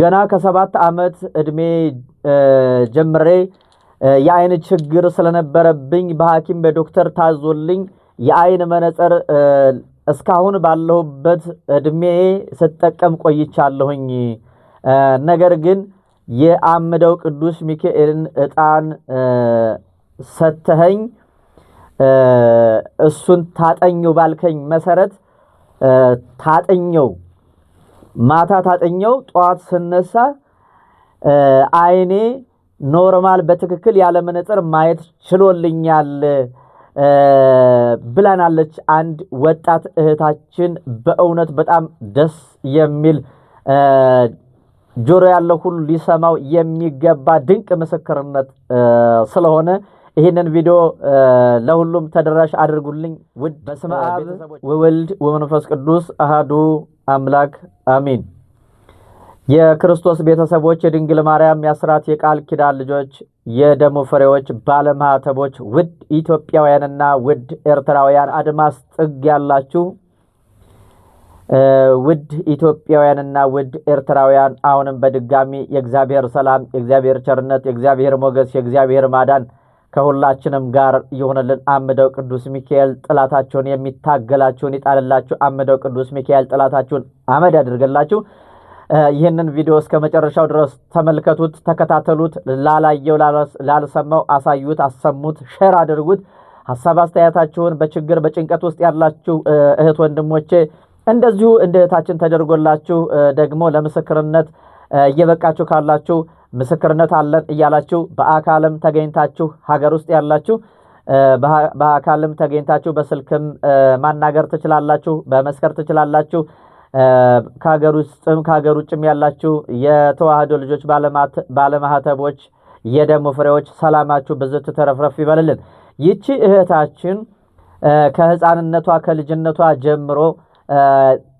ገና ከሰባት ዓመት ዕድሜ ጀምሬ የአይን ችግር ስለነበረብኝ በሐኪም በዶክተር ታዞልኝ የአይን መነጽር እስካሁን ባለሁበት ዕድሜ ስጠቀም ቆይቻለሁኝ። ነገር ግን የአምደው ቅዱስ ሚካኤልን ዕጣን ሰተኸኝ እሱን ታጠኘው ባልከኝ መሰረት ታጠኘው ማታ ታጠኘው ጠዋት ስነሳ አይኔ ኖርማል በትክክል ያለ መነጽር ማየት ችሎልኛል ብላናለች አንድ ወጣት እህታችን። በእውነት በጣም ደስ የሚል ጆሮ ያለው ሁሉ ሊሰማው የሚገባ ድንቅ ምስክርነት ስለሆነ ይህንን ቪዲዮ ለሁሉም ተደራሽ አድርጉልኝ። ውድ በስመ አብ ወወልድ ወመንፈስ ቅዱስ አህዱ አምላክ አሚን። የክርስቶስ ቤተሰቦች፣ የድንግል ማርያም የአስራት የቃል ኪዳን ልጆች፣ የደሙ ፍሬዎች፣ ባለማህተቦች፣ ውድ ኢትዮጵያውያንና ውድ ኤርትራውያን አድማስ ጥግ ያላችሁ ውድ ኢትዮጵያውያንና ውድ ኤርትራውያን አሁንም በድጋሚ የእግዚአብሔር ሰላም፣ የእግዚአብሔር ቸርነት፣ የእግዚአብሔር ሞገስ፣ የእግዚአብሔር ማዳን ከሁላችንም ጋር የሆነልን አምደው ቅዱስ ሚካኤል ጥላታቸውን የሚታገላቸውን ይጣልላችሁ። አምደው ቅዱስ ሚካኤል ጥላታችሁን አመድ ያድርግላችሁ። ይህንን ቪዲዮ እስከ መጨረሻው ድረስ ተመልከቱት፣ ተከታተሉት። ላላየው ላልሰማው አሳዩት፣ አሰሙት፣ ሼር አድርጉት። ሀሳብ አስተያየታችሁን በችግር በጭንቀት ውስጥ ያላችሁ እህት ወንድሞቼ እንደዚሁ እንደ እህታችን ተደርጎላችሁ ደግሞ ለምስክርነት እየበቃችሁ ካላችሁ ምስክርነት አለን እያላችሁ በአካልም ተገኝታችሁ ሀገር ውስጥ ያላችሁ በአካልም ተገኝታችሁ በስልክም ማናገር ትችላላችሁ፣ በመስከር ትችላላችሁ። ከሀገር ውስጥም ከሀገር ውጭም ያላችሁ የተዋህዶ ልጆች ባለማህተቦች፣ የደሙ ፍሬዎች ሰላማችሁ ብዙ ትተረፍረፍ ይበልልን። ይቺ እህታችን ከህፃንነቷ ከልጅነቷ ጀምሮ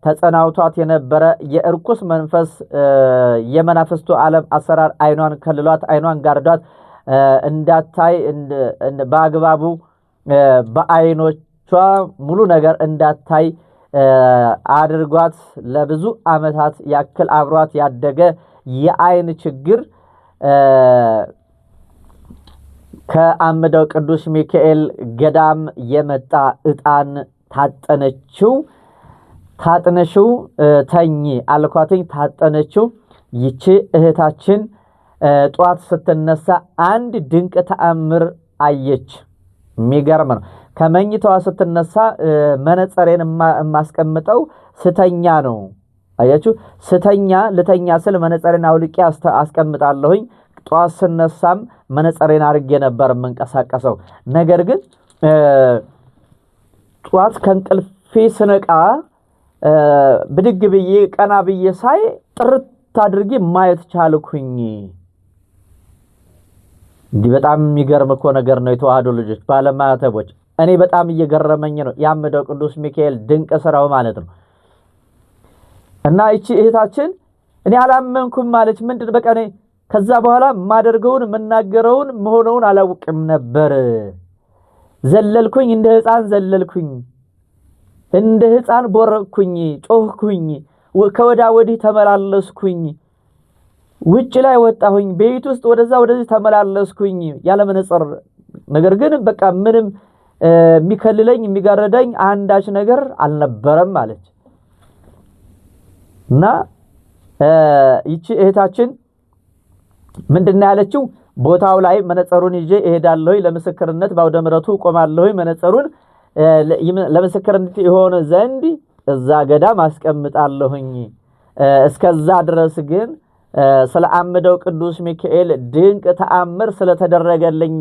ተጸናውቷት የነበረ የእርኩስ መንፈስ የመናፍስቱ ዓለም አሰራር አይኗን ከልሏት አይኗን ጋርዷት እንዳታይ በአግባቡ በአይኖቿ ሙሉ ነገር እንዳታይ አድርጓት ለብዙ ዓመታት ያክል አብሯት ያደገ የአይን ችግር ከአምደው ቅዱስ ሚካኤል ገዳም የመጣ ዕጣን ታጠነችው። ታጥነሽው ተኝ አልኳትኝ። ታጠነችው። ይቺ እህታችን ጠዋት ስትነሳ አንድ ድንቅ ተአምር አየች። የሚገርም ነው። ከመኝታዋ ስትነሳ መነጸሬን የማስቀምጠው ስተኛ ነው። አያችሁ፣ ስተኛ ልተኛ ስል መነጸሬን አውልቄ አስቀምጣለሁኝ። ጠዋት ስነሳም መነጸሬን አድርጌ ነበር የምንቀሳቀሰው። ነገር ግን ጠዋት ከእንቅልፌ ስነቃ ብድግ ብዬ ቀና ብዬ ሳይ ጥርት አድርጌ ማየት ቻልኩኝ። እንዲህ በጣም የሚገርም እኮ ነገር ነው። የተዋህዶ ልጆች ባለማተቦች፣ እኔ በጣም እየገረመኝ ነው ያምደው ቅዱስ ሚካኤል ድንቅ ስራው ማለት ነው። እና ይቺ እህታችን እኔ አላመንኩም ማለች። ምንድን በቃ እኔ ከዛ በኋላ የማደርገውን የምናገረውን መሆነውን አላውቅም ነበር። ዘለልኩኝ፣ እንደ ህፃን ዘለልኩኝ። እንደ ሕፃን ቦረቅኩኝ፣ ጮህኩኝ፣ ከወዳ ወዲህ ተመላለስኩኝ፣ ውጭ ላይ ወጣሁኝ፣ ቤት ውስጥ ወደዛ ወደዚህ ተመላለስኩኝ ያለ መነጽር። ነገር ግን በቃ ምንም የሚከልለኝ የሚጋረደኝ አንዳች ነገር አልነበረም አለች እና ይቺ እህታችን ምንድን ያለችው ቦታው ላይ መነጽሩን ይዤ እሄዳለሁ፣ ለምስክርነት በአውደ ቆማለሁ፣ መነጽሩን ለምስክርነት የሆነ ዘንድ እዛ ገዳም አስቀምጣለሁኝ። እስከዛ ድረስ ግን ስለ አምደው ቅዱስ ሚካኤል ድንቅ ተአምር ስለተደረገልኝ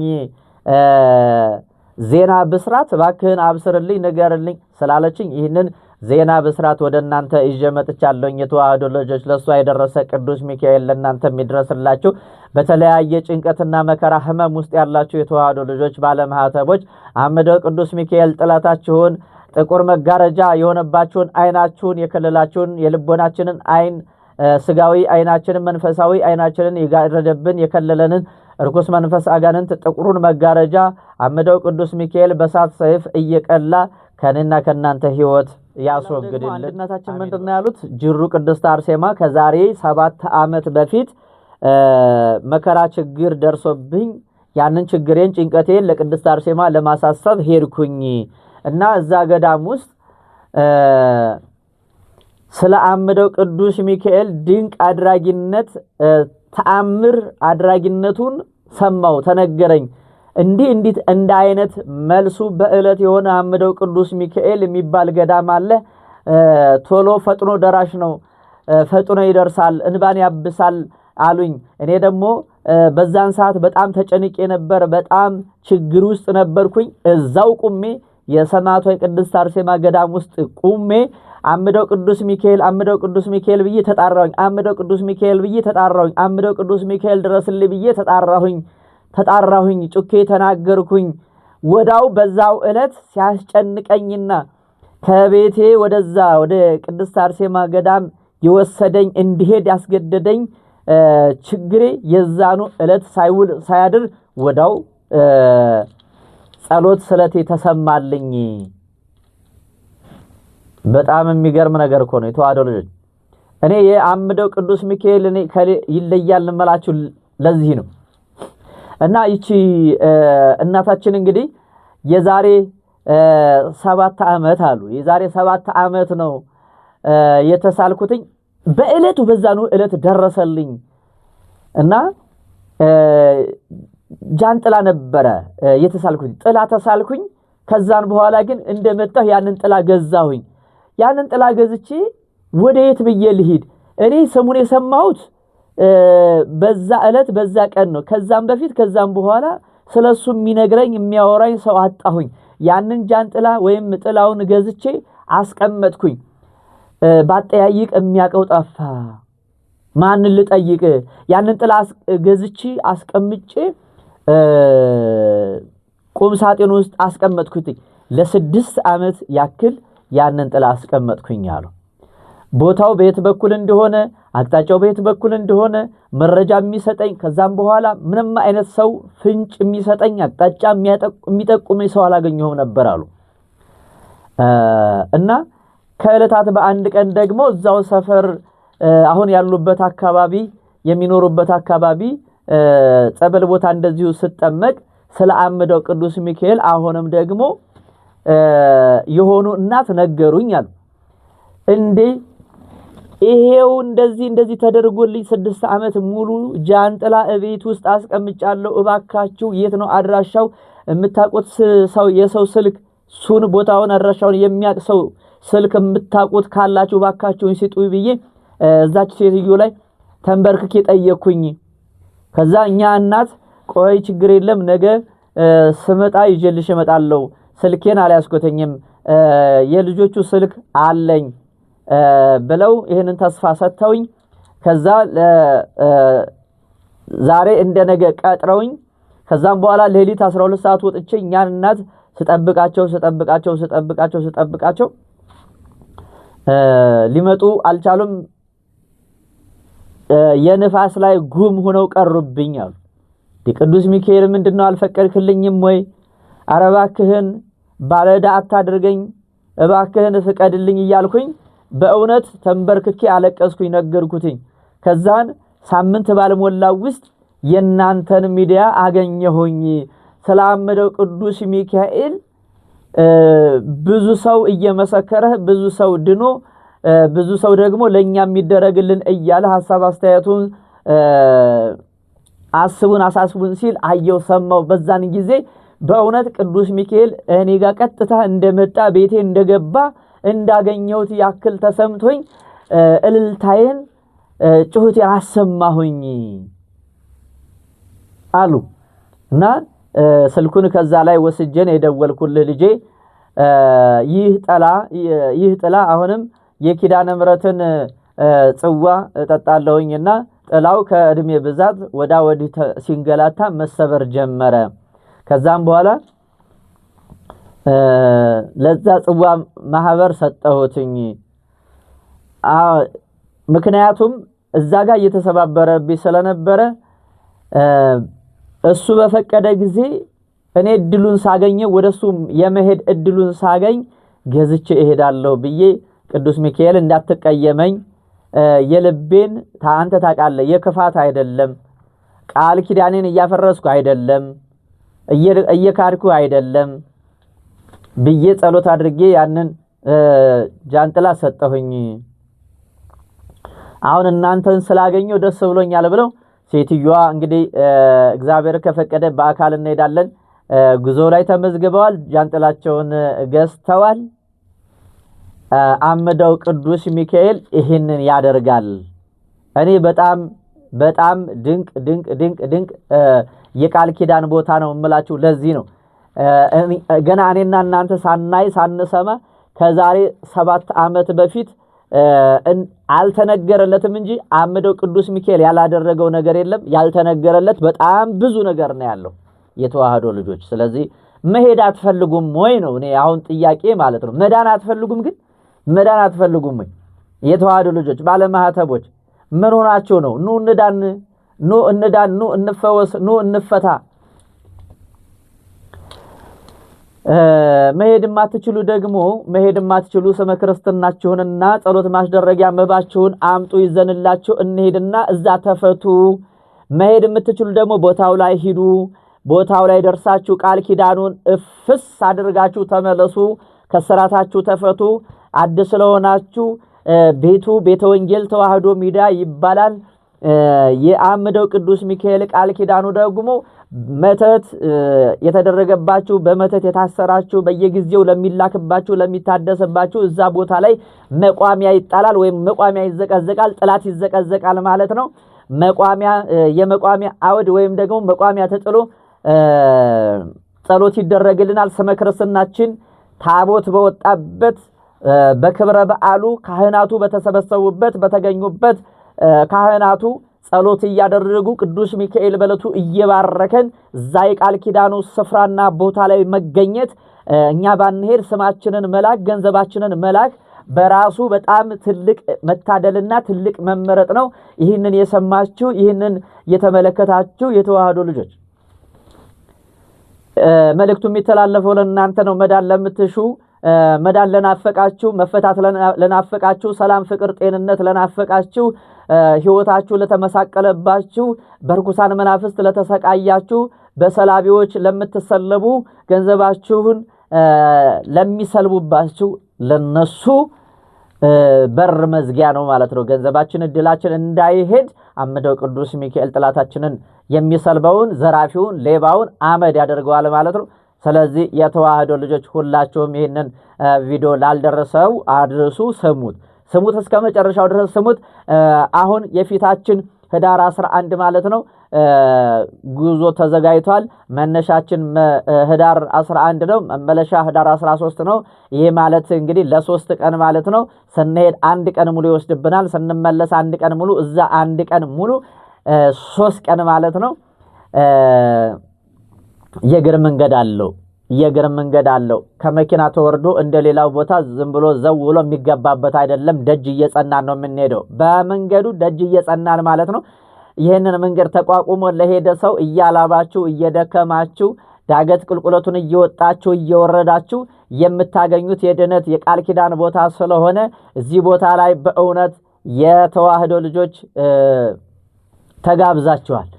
ዜና ብስራት እባክህን አብስርልኝ፣ ንገርልኝ ስላለችኝ ይህንን ዜና ብስራት ወደ እናንተ ይዤ መጥቻለሁኝ። የተዋህዶ ልጆች ለእሷ የደረሰ ቅዱስ ሚካኤል ለእናንተ የሚድረስላችሁ። በተለያየ ጭንቀትና መከራ ህመም ውስጥ ያላችሁ የተዋህዶ ልጆች ባለማህተቦች አምደው ቅዱስ ሚካኤል ጥላታችሁን ጥቁር መጋረጃ የሆነባችሁን አይናችሁን የከለላችሁን የልቦናችንን አይን ስጋዊ አይናችንን መንፈሳዊ አይናችንን የጋረደብን የከለለንን እርኩስ መንፈስ አጋንንት ጥቁሩን መጋረጃ አምደው ቅዱስ ሚካኤል በሳት ሰይፍ እየቀላ ከኔና ከእናንተ ህይወት ያስወግድልን። አንድነታችን ምንድን ነው ያሉት? ጅሩ ቅድስት አርሴማ ከዛሬ ሰባት ዓመት በፊት መከራ ችግር ደርሶብኝ ያንን ችግሬን ጭንቀቴን ለቅድስት አርሴማ ለማሳሰብ ሄድኩኝ እና እዛ ገዳም ውስጥ ስለ አምደው ቅዱስ ሚካኤል ድንቅ አድራጊነት ተአምር አድራጊነቱን ሰማው ተነገረኝ። እንዲህ እንዲት እንደ አይነት መልሱ በእለት የሆነ አምደው ቅዱስ ሚካኤል የሚባል ገዳም አለ። ቶሎ ፈጥኖ ደራሽ ነው፣ ፈጥኖ ይደርሳል፣ እንባን ያብሳል አሉኝ። እኔ ደግሞ በዛን ሰዓት በጣም ተጨንቄ ነበር፣ በጣም ችግር ውስጥ ነበርኩኝ። እዛው ቁሜ የሰማዕቷ ቅድስት አርሴማ ገዳም ውስጥ ቁሜ አምደው ቅዱስ ሚካኤል አምደው ቅዱስ ሚካኤል ብዬ ተጣራሁኝ። አምደው ቅዱስ ሚካኤል ብዬ ተጣራሁኝ። አምደው ቅዱስ ሚካኤል ድረስልኝ ብዬ ተጣራሁኝ። ተጣራሁኝ፣ ጩኬ ተናገርኩኝ። ወዳው በዛው ዕለት ሲያስጨንቀኝና ከቤቴ ወደዛ ወደ ቅድስት አርሴማ ገዳም የወሰደኝ እንዲሄድ ያስገደደኝ ችግሬ የዛኑ ዕለት ሳይውል ሳያድር ወዳው ጸሎት ስለቴ ተሰማልኝ በጣም የሚገርም ነገር እኮ ነው። የተዋህዶ ልጆች እኔ የአምደው ቅዱስ ሚካኤል ከሌ ይለያል እንመላችሁ ለዚህ ነው። እና ይቺ እናታችን እንግዲህ የዛሬ ሰባት ዓመት አሉ የዛሬ ሰባት ዓመት ነው የተሳልኩትኝ በእለቱ በዛኑ እለት ደረሰልኝ እና ጃንጥላ ነበረ የተሳልኩኝ ጥላ ተሳልኩኝ። ከዛን በኋላ ግን እንደመጣሁ ያንን ጥላ ገዛሁኝ። ያንን ጥላ ገዝቼ ወደ የት ብዬ ልሂድ? እኔ ስሙን የሰማሁት በዛ ዕለት በዛ ቀን ነው። ከዛም በፊት ከዛም በኋላ ስለሱ የሚነግረኝ የሚያወራኝ ሰው አጣሁኝ። ያንን ጃንጥላ ወይም ጥላውን ገዝቼ አስቀመጥኩኝ። ባጠያይቅ የሚያውቀው ጠፋ። ማንን ልጠይቅ? ያንን ጥላ ገዝቼ አስቀምጬ ቁም ሳጥን ውስጥ አስቀመጥኩትኝ። ለስድስት ዓመት ያክል ያንን ጥላ አስቀመጥኩኝ አሉ። ቦታው በየት በኩል እንደሆነ አቅጣጫው በየት በኩል እንደሆነ መረጃ የሚሰጠኝ ከዛም በኋላ ምንም አይነት ሰው ፍንጭ የሚሰጠኝ አቅጣጫ የሚጠቁመኝ ሰው አላገኘሁም ነበር አሉ እና ከዕለታት በአንድ ቀን ደግሞ እዛው ሰፈር አሁን ያሉበት አካባቢ የሚኖሩበት አካባቢ ጸበል ቦታ እንደዚሁ ስጠመቅ ስለ አምደው ቅዱስ ሚካኤል አሁንም ደግሞ የሆኑ እናት ነገሩኝ አሉ እንዴ ይሄው እንደዚህ እንደዚህ ተደርጎልኝ ስድስት ዓመት ሙሉ ጃንጥላ እቤት ውስጥ አስቀምጫለሁ። እባካችሁ የት ነው አድራሻው የምታውቁት ሰው የሰው ስልክ ሱን ቦታውን አድራሻውን የሚያውቅ ሰው ስልክ የምታውቁት ካላችሁ እባካችሁን ሲጡ ብዬ እዛች ሴትዮ ላይ ተንበርክኬ ጠየቅኩኝ። ከዛ እኛ እናት ቆይ ችግር የለም ነገ ስመጣ ይዤልሽ እመጣለሁ። ስልኬን አልያዝኩትኝም የልጆቹ ስልክ አለኝ ብለው ይህንን ተስፋ ሰጥተውኝ ከዛ ዛሬ እንደነገ ቀጥረውኝ ከዛም በኋላ ሌሊት 12 ሰዓት ወጥቼ እኛን እናት ስጠብቃቸው ስጠብቃቸው ስጠብቃቸው ስጠብቃቸው ሊመጡ አልቻሉም። የንፋስ ላይ ጉም ሆነው ቀሩብኝ አሉ። የቅዱስ ሚካኤል ምንድነው አልፈቀድክልኝም ወይ? አረ እባክህን ባለዕዳ አታድርገኝ፣ እባክህን ፍቀድልኝ እያልኩኝ በእውነት ተንበርክኬ አለቀስኩኝ፣ ነገርኩትኝ። ከዛን ሳምንት ባልሞላው ውስጥ የእናንተን ሚዲያ አገኘሁኝ። ስለ ቅዱስ ሚካኤል ብዙ ሰው እየመሰከረ ብዙ ሰው ድኖ ብዙ ሰው ደግሞ ለእኛ የሚደረግልን እያለ ሀሳብ አስተያየቱን አስቡን አሳስቡን ሲል አየው ሰማው። በዛን ጊዜ በእውነት ቅዱስ ሚካኤል እኔ ጋር ቀጥታ እንደመጣ ቤቴ እንደገባ እንዳገኘሁት ያክል ተሰምቶኝ እልልታዬን፣ ጩኸቴን አሰማሁኝ አሉ እና ስልኩን ከዛ ላይ ወስጄን የደወልኩልህ ልጄ ይህ ጠላ ይህ ጥላ አሁንም የኪዳነ ምሕረትን ጽዋ እጠጣለሁኝና ጥላው ከእድሜ ብዛት ወዳ ወዲህ ሲንገላታ መሰበር ጀመረ። ከዛም በኋላ ለዛ ጽዋ ማህበር ሰጠሁትኝ። ምክንያቱም እዛ ጋር እየተሰባበረብኝ ስለነበረ እሱ በፈቀደ ጊዜ እኔ እድሉን ሳገኘ ወደ እሱ የመሄድ እድሉን ሳገኝ ገዝቼ እሄዳለሁ ብዬ ቅዱስ ሚካኤል እንዳትቀየመኝ የልቤን አንተ ታውቃለህ። የክፋት አይደለም፣ ቃል ኪዳኔን እያፈረስኩ አይደለም፣ እየካድኩ አይደለም ብዬ ጸሎት አድርጌ ያንን ጃንጥላ ሰጠሁኝ። አሁን እናንተን ስላገኘው ደስ ብሎኛል ብለው ሴትዮዋ እንግዲህ እግዚአብሔር ከፈቀደ በአካል እንሄዳለን። ጉዞ ላይ ተመዝግበዋል። ጃንጥላቸውን ገዝተዋል። አምደው ቅዱስ ሚካኤል ይህንን ያደርጋል። እኔ በጣም በጣም ድንቅ ድንቅ ድንቅ ድንቅ የቃል ኪዳን ቦታ ነው የምላችሁ። ለዚህ ነው ገና እኔና እናንተ ሳናይ ሳንሰማ ከዛሬ ሰባት ዓመት በፊት አልተነገረለትም እንጂ አምደው ቅዱስ ሚካኤል ያላደረገው ነገር የለም። ያልተነገረለት በጣም ብዙ ነገር ነው ያለው የተዋህዶ ልጆች። ስለዚህ መሄድ አትፈልጉም ወይ ነው እኔ አሁን ጥያቄ ማለት ነው። መዳን አትፈልጉም ግን መዳን አትፈልጉም ወይ? የተዋህዶ ልጆች ባለማህተቦች ምን ሆናችሁ ነው? ኑ እንዳን፣ ኑ እንዳን፣ ኑ እንፈወስ፣ ኑ እንፈታ መሄድ የማትችሉ ደግሞ መሄድ የማትችሉ ስመ ክርስትናችሁንና ጸሎት ማስደረጊያ መባችሁን አምጡ ይዘንላችሁ እንሄድና እዛ ተፈቱ። መሄድ የምትችሉ ደግሞ ቦታው ላይ ሂዱ። ቦታው ላይ ደርሳችሁ ቃል ኪዳኑን እፍስ አድርጋችሁ ተመለሱ። ከስራታችሁ ተፈቱ። አዲስ ስለሆናችሁ ቤቱ ቤተ ወንጌል ተዋህዶ ሚዲያ ይባላል። የአምደው ቅዱስ ሚካኤል ቃል ኪዳኑ ደግሞ መተት የተደረገባችሁ በመተት የታሰራችሁ በየጊዜው ለሚላክባችሁ ለሚታደሰባችሁ እዛ ቦታ ላይ መቋሚያ ይጣላል ወይም መቋሚያ ይዘቀዘቃል፣ ጥላት ይዘቀዘቃል ማለት ነው። መቋሚያ የመቋሚያ አውድ ወይም ደግሞ መቋሚያ ተጥሎ ጸሎት ይደረግልናል። ስመ ክርስትናችን ታቦት በወጣበት በክብረ በዓሉ ካህናቱ በተሰበሰቡበት በተገኙበት ካህናቱ ጸሎት እያደረጉ ቅዱስ ሚካኤል በለቱ እየባረከን እዛ የቃል ኪዳኑ ስፍራና ቦታ ላይ መገኘት እኛ ባንሄድ ስማችንን መላክ ገንዘባችንን መላክ በራሱ በጣም ትልቅ መታደልና ትልቅ መመረጥ ነው። ይህንን የሰማችሁ ይህንን የተመለከታችሁ የተዋህዶ ልጆች መልእክቱ የሚተላለፈው ለእናንተ ነው። መዳን ለምትሹ መዳን ለናፈቃችሁ፣ መፈታት ለናፈቃችሁ፣ ሰላም፣ ፍቅር፣ ጤንነት ለናፈቃችሁ ሕይወታችሁ ለተመሳቀለባችሁ፣ በርኩሳን መናፍስት ለተሰቃያችሁ፣ በሰላቢዎች ለምትሰለቡ፣ ገንዘባችሁን ለሚሰልቡባችሁ ለነሱ በር መዝጊያ ነው ማለት ነው። ገንዘባችን እድላችን እንዳይሄድ አምደው ቅዱስ ሚካኤል ጥላታችንን የሚሰልበውን ዘራፊውን፣ ሌባውን አመድ ያደርገዋል ማለት ነው። ስለዚህ የተዋህዶ ልጆች ሁላችሁም ይህንን ቪዲዮ ላልደረሰው አድርሱ፣ ስሙት። ስሙት እስከ መጨረሻው ድረስ ስሙት። አሁን የፊታችን ህዳር 11 ማለት ነው ጉዞ ተዘጋጅቷል። መነሻችን ህዳር 11 ነው። መመለሻ ህዳር 13 ነው። ይህ ማለት እንግዲህ ለሶስት ቀን ማለት ነው። ስንሄድ አንድ ቀን ሙሉ ይወስድብናል። ስንመለስ አንድ ቀን ሙሉ፣ እዛ አንድ ቀን ሙሉ ሶስት ቀን ማለት ነው የእግር መንገድ አለው። የእግር መንገድ አለው። ከመኪና ተወርዶ እንደ ሌላው ቦታ ዝም ብሎ ዘው ብሎ የሚገባበት አይደለም። ደጅ እየጸናን ነው የምንሄደው። በመንገዱ ደጅ እየጸናን ማለት ነው። ይህንን መንገድ ተቋቁሞ ለሄደ ሰው እያላባችሁ እየደከማችሁ ዳገት ቁልቁለቱን እየወጣችሁ እየወረዳችሁ የምታገኙት የድነት የቃል ኪዳን ቦታ ስለሆነ እዚህ ቦታ ላይ በእውነት የተዋህዶ ልጆች ተጋብዛችኋል።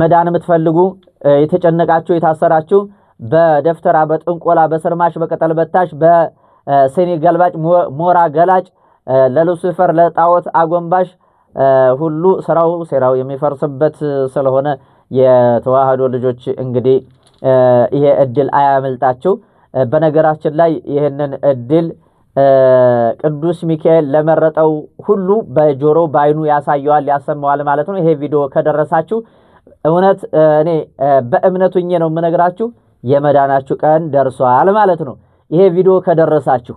መዳን የምትፈልጉ የተጨነቃችሁ፣ የታሰራችሁ በደፍተራ በጥንቆላ በስርማሽ በቅጠል በታሽ በስኒ ገልባጭ ሞራ ገላጭ ለሉሲፈር ለጣዖት አጎንባሽ ሁሉ ስራው ሴራው የሚፈርስበት ስለሆነ የተዋህዶ ልጆች እንግዲህ ይሄ እድል አያመልጣችሁ። በነገራችን ላይ ይህንን እድል ቅዱስ ሚካኤል ለመረጠው ሁሉ በጆሮ በአይኑ ያሳየዋል፣ ያሰማዋል ማለት ነው። ይሄ ቪዲዮ ከደረሳችሁ እውነት እኔ በእምነቱኜ ነው የምነግራችሁ። የመዳናችሁ ቀን ደርሷል ማለት ነው። ይሄ ቪዲዮ ከደረሳችሁ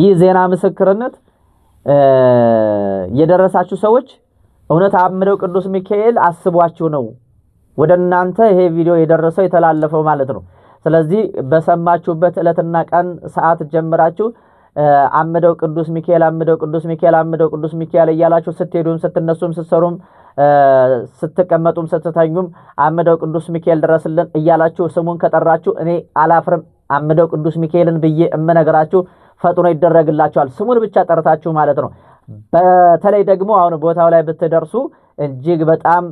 ይህ ዜና ምስክርነት የደረሳችሁ ሰዎች እውነት አምደው ቅዱስ ሚካኤል አስቧችሁ ነው ወደ እናንተ ይሄ ቪዲዮ የደረሰው የተላለፈው ማለት ነው። ስለዚህ በሰማችሁበት ዕለትና ቀን ሰዓት ጀምራችሁ አምደው ቅዱስ ሚካኤል አምደው ቅዱስ ሚካኤል አምደው ቅዱስ ሚካኤል እያላችሁ ስትሄዱም ስትነሱም ስትሰሩም ስትቀመጡም ስትተኙም አምደው ቅዱስ ሚካኤል ድረስልን እያላችሁ ስሙን ከጠራችሁ እኔ አላፍርም። አምደው ቅዱስ ሚካኤልን ብዬ እምነግራችሁ ፈጥኖ ይደረግላችኋል። ስሙን ብቻ ጠርታችሁ ማለት ነው። በተለይ ደግሞ አሁን ቦታው ላይ ብትደርሱ እጅግ በጣም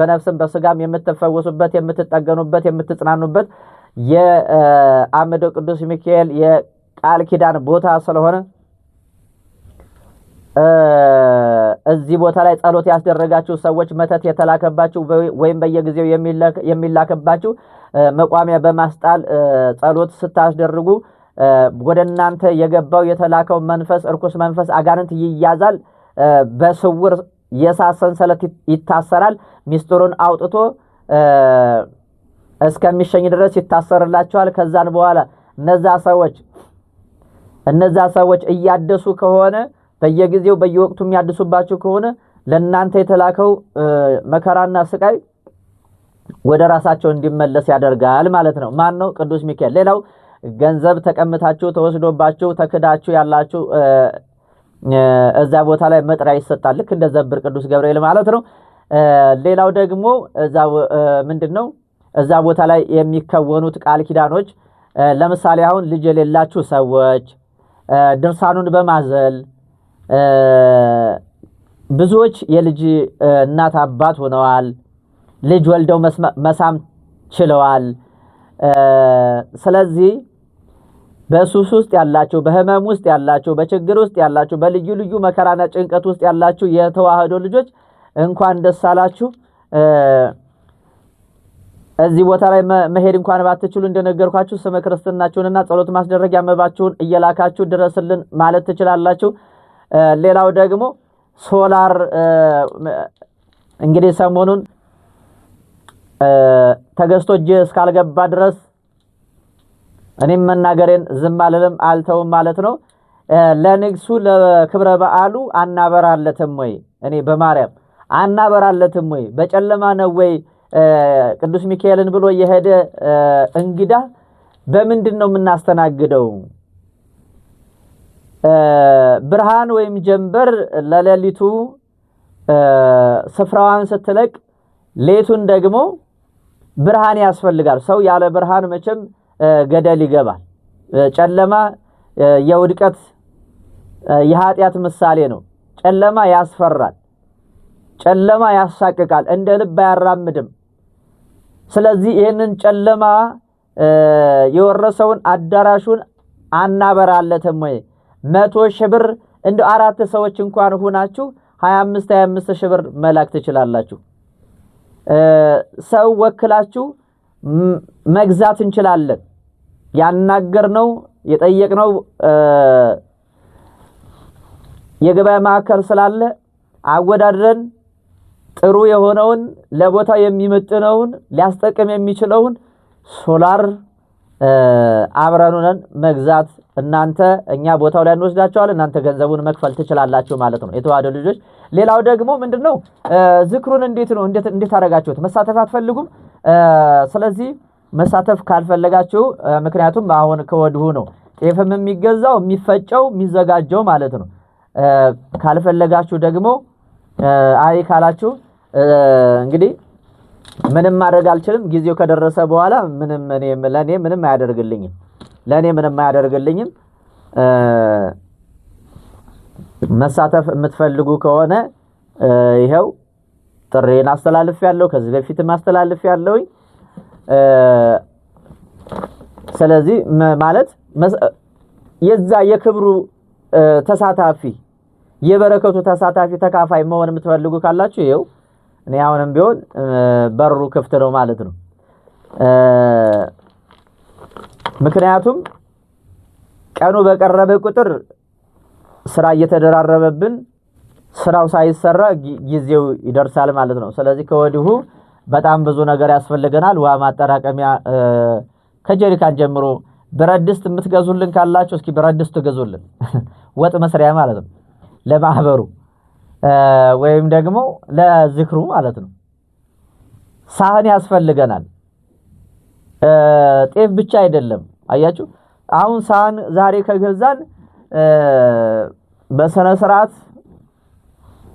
በነፍስም በስጋም የምትፈወሱበት፣ የምትጠገኑበት፣ የምትጽናኑበት የአምደው ቅዱስ ሚካኤል ቃል ኪዳን ቦታ ስለሆነ እዚህ ቦታ ላይ ጸሎት ያስደረጋችሁ ሰዎች መተት የተላከባችሁ ወይም በየጊዜው የሚላከባችሁ መቋሚያ በማስጣል ጸሎት ስታስደርጉ ወደ እናንተ የገባው የተላከው መንፈስ እርኩስ መንፈስ አጋንንት ይያዛል። በስውር የእሳት ሰንሰለት ይታሰራል። ሚስጥሩን አውጥቶ እስከሚሸኝ ድረስ ይታሰርላቸዋል። ከዛን በኋላ እነዛ ሰዎች እነዛ ሰዎች እያደሱ ከሆነ በየጊዜው በየወቅቱ የሚያድሱባችሁ ከሆነ ለእናንተ የተላከው መከራና ስቃይ ወደ ራሳቸው እንዲመለስ ያደርጋል ማለት ነው። ማን ነው? ቅዱስ ሚካኤል። ሌላው ገንዘብ ተቀምታችሁ ተወስዶባችሁ ተክዳችሁ ያላችሁ እዛ ቦታ ላይ መጥሪያ ይሰጣል። ልክ እንደ ዘብር ቅዱስ ገብርኤል ማለት ነው። ሌላው ደግሞ እዛ ምንድን ነው እዛ ቦታ ላይ የሚከወኑት ቃል ኪዳኖች ለምሳሌ አሁን ልጅ የሌላችሁ ሰዎች ድርሳኑን በማዘል ብዙዎች የልጅ እናት አባት ሆነዋል። ልጅ ወልደው መሳም ችለዋል። ስለዚህ በሱስ ውስጥ ያላችሁ፣ በህመም ውስጥ ያላችሁ፣ በችግር ውስጥ ያላችሁ፣ በልዩ ልዩ መከራና ጭንቀት ውስጥ ያላችሁ የተዋህዶ ልጆች እንኳን ደስ አላችሁ። እዚህ ቦታ ላይ መሄድ እንኳን ባትችሉ እንደነገርኳችሁ ስመ ክርስትናችሁንና ጸሎት ማስደረግ ያመባችሁን እየላካችሁ ድረስልን ማለት ትችላላችሁ። ሌላው ደግሞ ሶላር እንግዲህ ሰሞኑን ተገዝቶ እጅ እስካልገባ ድረስ እኔም መናገሬን ዝም አልልም አልተውም ማለት ነው። ለንግሱ ለክብረ በዓሉ አናበራለትም ወይ? እኔ በማርያም አናበራለትም ወይ? በጨለማ ነው ወይ ቅዱስ ሚካኤልን ብሎ የሄደ እንግዳ በምንድን ነው የምናስተናግደው? ብርሃን ወይም ጀንበር ለሌሊቱ ስፍራዋን ስትለቅ፣ ሌቱን ደግሞ ብርሃን ያስፈልጋል። ሰው ያለ ብርሃን መቼም ገደል ይገባል። ጨለማ የውድቀት የኃጢአት ምሳሌ ነው። ጨለማ ያስፈራል። ጨለማ ያሳቅቃል። እንደ ልብ አያራምድም። ስለዚህ ይህንን ጨለማ የወረሰውን አዳራሹን አናበራለትም ወይ? መቶ ሺህ ብር እንደ አራት ሰዎች እንኳን ሁናችሁ ሀያ አምስት ሀያ አምስት ሺህ ብር መላክ ትችላላችሁ። ሰው ወክላችሁ መግዛት እንችላለን። ያናገርነው የጠየቅነው የገበያ ማዕከል ስላለ አወዳድረን ጥሩ የሆነውን ለቦታ የሚመጥነውን ሊያስጠቅም የሚችለውን ሶላር አብረኑነን መግዛት እናንተ እኛ ቦታው ላይ እንወስዳቸዋል፣ እናንተ ገንዘቡን መክፈል ትችላላችሁ ማለት ነው። የተዋደ ልጆች፣ ሌላው ደግሞ ምንድን ነው ዝክሩን እንዴት ነው እንዴት አደረጋችሁት? መሳተፍ አትፈልጉም? ስለዚህ መሳተፍ ካልፈለጋችሁ፣ ምክንያቱም አሁን ከወድሁ ነው ጤፍም የሚገዛው የሚፈጨው የሚዘጋጀው ማለት ነው። ካልፈለጋችሁ ደግሞ አይ ካላችሁ እንግዲህ ምንም ማድረግ አልችልም። ጊዜው ከደረሰ በኋላ ምንም እኔ ለኔ ምንም አያደርግልኝም ለኔ ምንም አያደርግልኝም። መሳተፍ የምትፈልጉ ከሆነ ይኸው ጥሬን አስተላልፍ ያለው ከዚህ በፊትም አስተላልፍ ያለውኝ። ስለዚህ ማለት የዛ የክብሩ ተሳታፊ የበረከቱ ተሳታፊ ተካፋይ መሆን የምትፈልጉ ካላችሁ ይኸው እኔ አሁንም ቢሆን በሩ ክፍት ነው ማለት ነው። ምክንያቱም ቀኑ በቀረበ ቁጥር ስራ እየተደራረበብን ስራው ሳይሰራ ጊዜው ይደርሳል ማለት ነው። ስለዚህ ከወዲሁ በጣም ብዙ ነገር ያስፈልገናል። ውሃ ማጠራቀሚያ ከጀሪካን ጀምሮ ብረት ድስት የምትገዙልን ካላችሁ እስኪ ብረት ድስት ትገዙልን፣ ወጥ መስሪያ ማለት ነው። ለማህበሩ ወይም ደግሞ ለዝክሩ ማለት ነው። ሳህን ያስፈልገናል። ጤፍ ብቻ አይደለም። አያችሁ አሁን ሳህን ዛሬ ከገዛን በስነ ስርዓት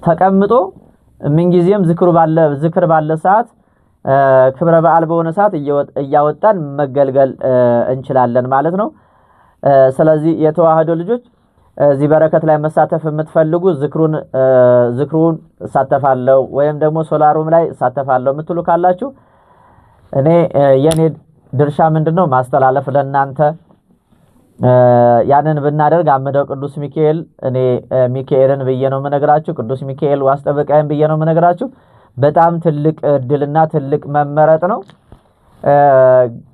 ተቀምጦ ምንጊዜም ዝክሩ ባለ ዝክር ባለ ሰዓት ክብረ በዓል በሆነ ሰዓት እያወጣን መገልገል እንችላለን ማለት ነው። ስለዚህ የተዋህዶ ልጆች እዚህ በረከት ላይ መሳተፍ የምትፈልጉ ዝክሩን ዝክሩን እሳተፋለሁ ወይም ደግሞ ሶላሩም ላይ እሳተፋለሁ የምትሉ ካላችሁ እኔ የኔ ድርሻ ምንድን ነው? ማስተላለፍ ለእናንተ ያንን ብናደርግ አምደው ቅዱስ ሚካኤል እኔ ሚካኤልን ብዬ ነው የምነግራችሁ። ቅዱስ ሚካኤል ዋስጠበቃይን ብዬ ነው የምነግራችሁ። በጣም ትልቅ እድልና ትልቅ መመረጥ ነው።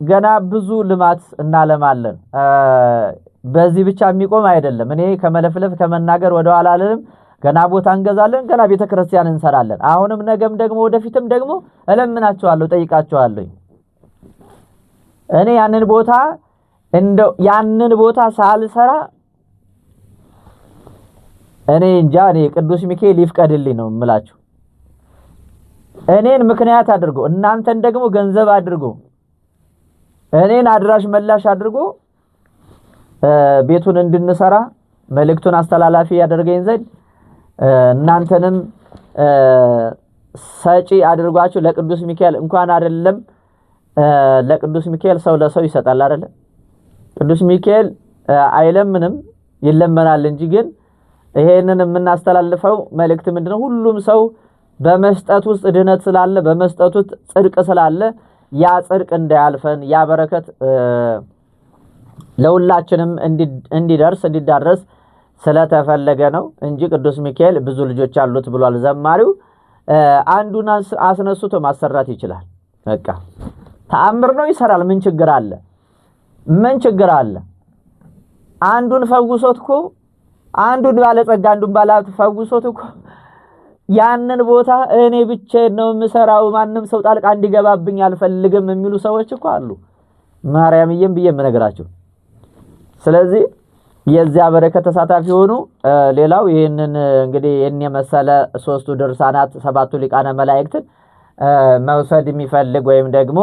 ገና ብዙ ልማት እናለማለን። በዚህ ብቻ የሚቆም አይደለም። እኔ ከመለፍለፍ ከመናገር ወደኋላ አልልም። ገና ቦታ እንገዛለን፣ ገና ቤተ ክርስቲያን እንሰራለን። አሁንም ነገም ደግሞ ወደፊትም ደግሞ እለምናችኋለሁ፣ ጠይቃችኋለሁ። እኔ ያንን ቦታ እንደው ያንን ቦታ ሳልሰራ እኔ እንጃ እኔ ቅዱስ ሚካኤል ይፍቀድልኝ ነው የምላችሁ። እኔን ምክንያት አድርጎ እናንተን ደግሞ ገንዘብ አድርጎ እኔን አድራሽ መላሽ አድርጎ ቤቱን እንድንሰራ መልእክቱን አስተላላፊ ያደርገኝ ዘንድ እናንተንም ሰጪ አድርጓችሁ ለቅዱስ ሚካኤል እንኳን አይደለም ለቅዱስ ሚካኤል ሰው ለሰው ይሰጣል አይደለ? ቅዱስ ሚካኤል አይለምንም ይለመናል እንጂ። ግን ይሄንን የምናስተላልፈው መልእክት ምንድነው? ሁሉም ሰው በመስጠት ውስጥ ድህነት ስላለ፣ በመስጠት ውስጥ ጽድቅ ስላለ ያ ጽድቅ እንዳያልፈን ያ በረከት ለሁላችንም እንዲደርስ እንዲዳረስ ስለተፈለገ ነው እንጂ ቅዱስ ሚካኤል ብዙ ልጆች አሉት ብሏል ዘማሪው። አንዱን አስነስቶ ማሰራት ይችላል። በቃ ተአምር ነው፣ ይሰራል። ምን ችግር አለ? ምን ችግር አለ? አንዱን ፈውሶት እኮ አንዱን ባለጸጋ አንዱን ባለሀብት ፈውሶት እኮ ያንን ቦታ እኔ ብቻዬን ነው የምሰራው፣ ማንም ሰው ጣልቃ እንዲገባብኝ አልፈልግም የሚሉ ሰዎች እኮ አሉ። ማርያምዬም ብዬ የምነግራቸው ስለዚህ የዚያ በረከት ተሳታፊ ሆኑ። ሌላው ይህንን እንግዲህ ይህን የመሰለ ሶስቱ ድርሳናት ሰባቱ ሊቃነ መላእክትን መውሰድ የሚፈልግ ወይም ደግሞ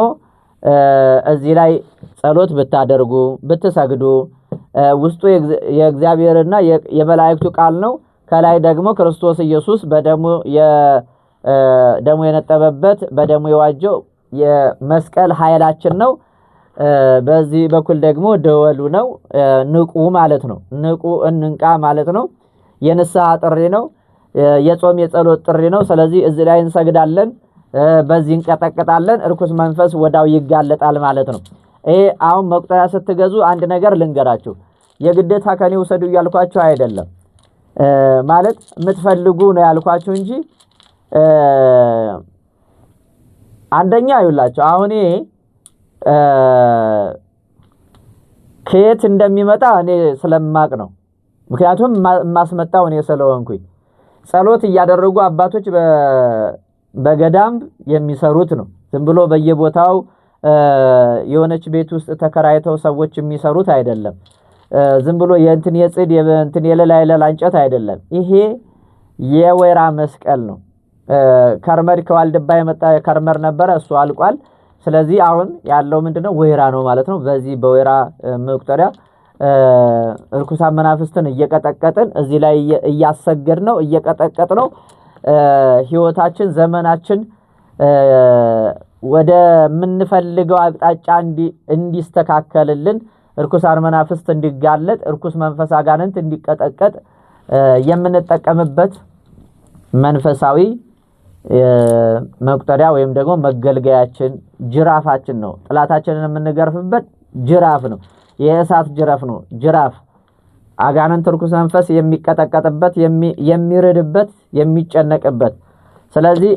እዚህ ላይ ጸሎት ብታደርጉ ብትሰግዱ ውስጡ የእግዚአብሔርና የመላእክቱ ቃል ነው። ከላይ ደግሞ ክርስቶስ ኢየሱስ በደሙ ደሙ የነጠበበት በደሙ የዋጀው የመስቀል ኃይላችን ነው። በዚህ በኩል ደግሞ ደወሉ ነው ንቁ ማለት ነው። ንቁ እንንቃ ማለት ነው። የንስሐ ጥሪ ነው። የጾም የጸሎት ጥሪ ነው። ስለዚህ እዚህ ላይ እንሰግዳለን፣ በዚህ እንቀጠቅጣለን። እርኩስ መንፈስ ወዳው ይጋለጣል ማለት ነው። ይሄ አሁን መቁጠሪያ ስትገዙ አንድ ነገር ልንገራችሁ። የግዴታ ከኔ ውሰዱ እያልኳችሁ አይደለም። ማለት የምትፈልጉ ነው ያልኳችሁ እንጂ አንደኛ ይውላችሁ አሁን ከየት እንደሚመጣ እኔ ስለማቅ ነው። ምክንያቱም የማስመጣው እኔ ስለሆንኩኝ ጸሎት እያደረጉ አባቶች በገዳም የሚሰሩት ነው። ዝም ብሎ በየቦታው የሆነች ቤት ውስጥ ተከራይተው ሰዎች የሚሰሩት አይደለም። ዝም ብሎ የእንትን የጽድ እንትን የሌላ የሌላ እንጨት አይደለም። ይሄ የወይራ መስቀል ነው። ከርመድ ከዋልድባ የመጣ ከርመድ ነበረ፣ እሱ አልቋል። ስለዚህ አሁን ያለው ምንድነው ወይራ ነው ማለት ነው። በዚህ በወይራ መቁጠሪያ እርኩሳን መናፍስትን እየቀጠቀጥን እዚህ ላይ እያሰገድ ነው እየቀጠቀጥ ነው ህይወታችን ዘመናችን ወደ ምንፈልገው አቅጣጫ እንዲስተካከልልን እርኩሳን መናፍስት እንዲጋለጥ እርኩስ መንፈስ አጋንንት እንዲቀጠቀጥ የምንጠቀምበት መንፈሳዊ መቁጠሪያ ወይም ደግሞ መገልገያችን ጅራፋችን ነው። ጥላታችንን የምንገርፍበት ጅራፍ ነው። የእሳት ጅራፍ ነው። ጅራፍ አጋንንት፣ ርኩስ መንፈስ የሚቀጠቀጥበት፣ የሚርድበት፣ የሚጨነቅበት። ስለዚህ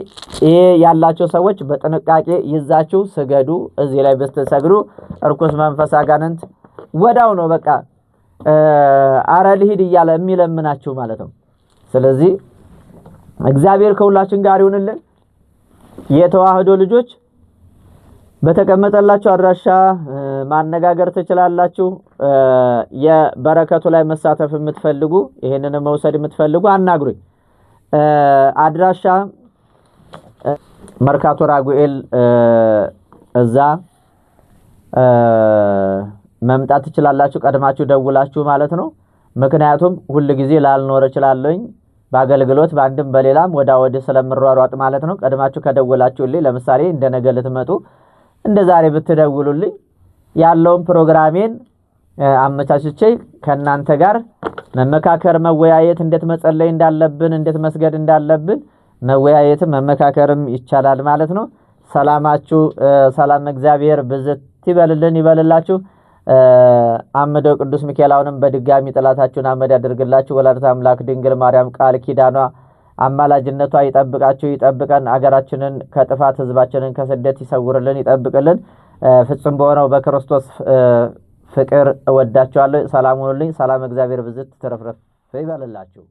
ይሄ ያላቸው ሰዎች በጥንቃቄ ይዛችሁ ስገዱ። እዚህ ላይ ብትሰግዱ እርኩስ መንፈስ አጋንንት ወዳው ነው በቃ አረ ልሂድ እያለ የሚለምናችሁ ማለት ነው። ስለዚህ እግዚአብሔር ከሁላችን ጋር ይሁንልን። የተዋህዶ ልጆች በተቀመጠላችሁ አድራሻ ማነጋገር ትችላላችሁ። የበረከቱ ላይ መሳተፍ የምትፈልጉ ይህንን መውሰድ የምትፈልጉ አናግሩኝ። አድራሻ መርካቶ ራጉኤል እዛ መምጣት ትችላላችሁ። ቀድማችሁ ደውላችሁ ማለት ነው። ምክንያቱም ሁል ጊዜ ላልኖር ችላለኝ። በአገልግሎት በአንድም በሌላም ወዳ ወደ ስለምሯሯጥ ማለት ነው። ቀድማችሁ ከደወላችሁልኝ ለምሳሌ እንደ ነገ ልትመጡ እንደ ዛሬ ብትደውሉልኝ ያለውን ፕሮግራሜን አመቻችቼ ከእናንተ ጋር መመካከር፣ መወያየት፣ እንዴት መጸለይ እንዳለብን፣ እንዴት መስገድ እንዳለብን መወያየትም መመካከርም ይቻላል ማለት ነው። ሰላማችሁ ሰላም እግዚአብሔር ብዝት ይበልልን ይበልላችሁ። አምደው ቅዱስ ሚካኤል አሁንም በድጋሚ ጥላታችሁን አመድ ያደርግላችሁ። ወላዲተ አምላክ ድንግል ማርያም ቃል ኪዳኗ አማላጅነቷ ይጠብቃችሁ፣ ይጠብቀን። አገራችንን ከጥፋት ህዝባችንን ከስደት ይሰውርልን፣ ይጠብቅልን። ፍጹም በሆነው በክርስቶስ ፍቅር እወዳችኋለሁ። ሰላም ሁኑልኝ። ሰላም እግዚአብሔር ብዝት ትረፍረፍ ይበልላችሁ።